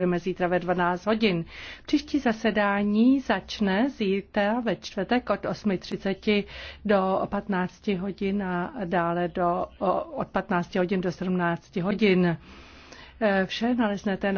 Budeme zítra ve 12 hodin. Příští zasedání začne zítra ve čtvrtek od 8.30 do 15 hodin a dále do, od 15 hodin do 17 hodin. Vše naleznete na